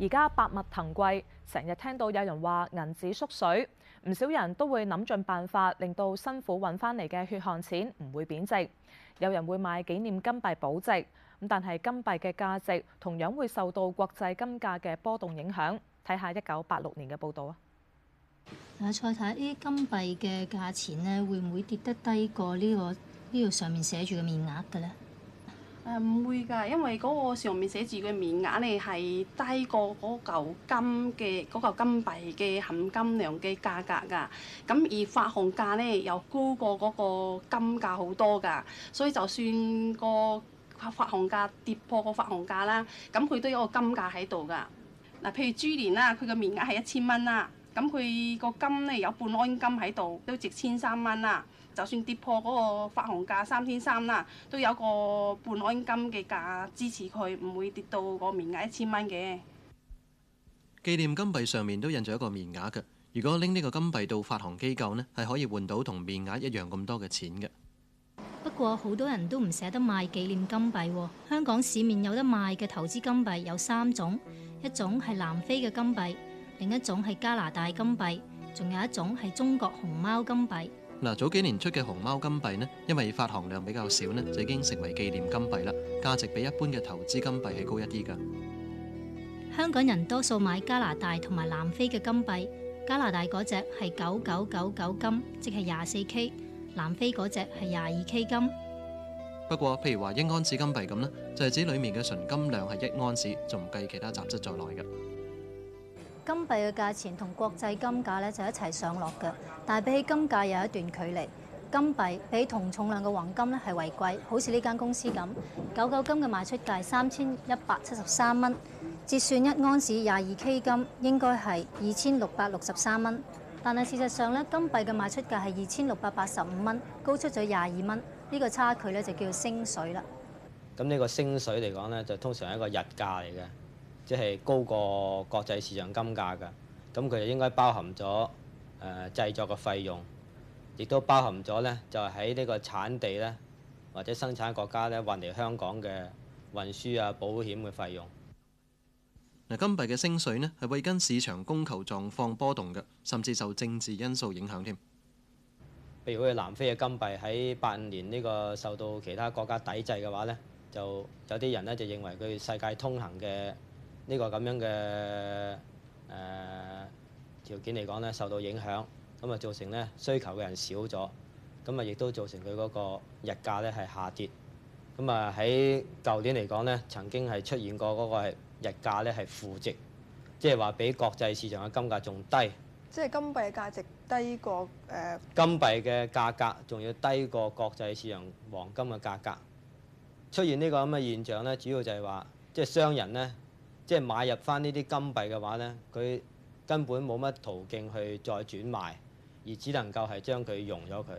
而家百物騰貴，成日聽到有人話銀紙縮水，唔少人都會諗盡辦法，令到辛苦揾翻嚟嘅血汗錢唔會貶值。有人會買紀念金幣保值，咁但係金幣嘅價值同樣會受到國際金價嘅波動影響。睇下一九八六年嘅報道啊。啊，再睇下呢啲金幣嘅價錢咧，會唔會跌得低過呢個呢個上面寫住嘅面額嘅咧？誒，唔會㗎，因為嗰個上面寫住嘅面額咧係低過嗰嚿金嘅嗰嚿金幣嘅含金量嘅價格㗎。咁而發行價咧又高過嗰個金價好多㗎，所以就算個發行價跌破個發行價啦，咁佢都有一個金價喺度㗎。嗱，譬如豬年啦，佢嘅面額係一千蚊啦。咁佢個金呢有半安金喺度，都值千三蚊啦。就算跌破嗰個發行價三千三啦，都有個半安金嘅價支持佢，唔會跌到個面額一千蚊嘅。紀念金幣上面都印咗一個面額嘅。如果拎呢個金幣到發行機構呢，係可以換到同面額一樣咁多嘅錢嘅。不過好多人都唔捨得賣紀念金幣喎、哦。香港市面有得賣嘅投資金幣有三種，一種係南非嘅金幣。另一種係加拿大金幣，仲有一種係中國熊貓金幣。嗱，早幾年出嘅熊貓金幣呢，因為發行量比較少呢，就已經成為紀念金幣啦，價值比一般嘅投資金幣係高一啲噶。香港人多數買加拿大同埋南非嘅金幣，加拿大嗰隻係九九九九金，即係廿四 K；南非嗰隻係廿二 K 金。不過，譬如話一盎司金幣咁呢，就係指裡面嘅純金量係一盎司，仲唔計其他雜質在內嘅。金幣嘅價錢同國際金價咧就一齊上落嘅，但係比起金價有一段距離。金幣比同重量嘅黃金咧係為貴，好似呢間公司咁，九九金嘅賣出價三千一百七十三蚊，折算一盎司廿二 K 金應該係二千六百六十三蚊，但係事實上咧，金幣嘅賣出價係二千六百八十五蚊，高出咗廿二蚊，呢個差距咧就叫做升水啦。咁呢個升水嚟講咧，就通常係一個日價嚟嘅。即係高過國際市場金價嘅，咁佢就應該包含咗誒、呃、製作嘅費用，亦都包含咗呢就喺、是、呢個產地呢，或者生產國家呢，運嚟香港嘅運輸啊、保險嘅費用。嗱，金幣嘅升水呢，係會跟市場供求狀況波動嘅，甚至受政治因素影響添。譬如佢南非嘅金幣喺八五年呢個受到其他國家抵制嘅話呢，就有啲人呢就認為佢世界通行嘅。這個這呃、呢個咁樣嘅誒條件嚟講咧，受到影響，咁啊造成咧需求嘅人少咗，咁啊亦都造成佢嗰個溢價咧係下跌。咁啊喺舊年嚟講咧，曾經係出現過嗰個溢價咧係負值，即係話比國際市場嘅金價仲低，即係金幣嘅價值低過誒、uh, 金幣嘅價格，仲要低過國際市場黃金嘅價格。出現呢個咁嘅現象咧，主要就係話即係商人咧。即係買入翻呢啲金幣嘅話咧，佢根本冇乜途徑去再轉賣，而只能夠係將佢融咗佢。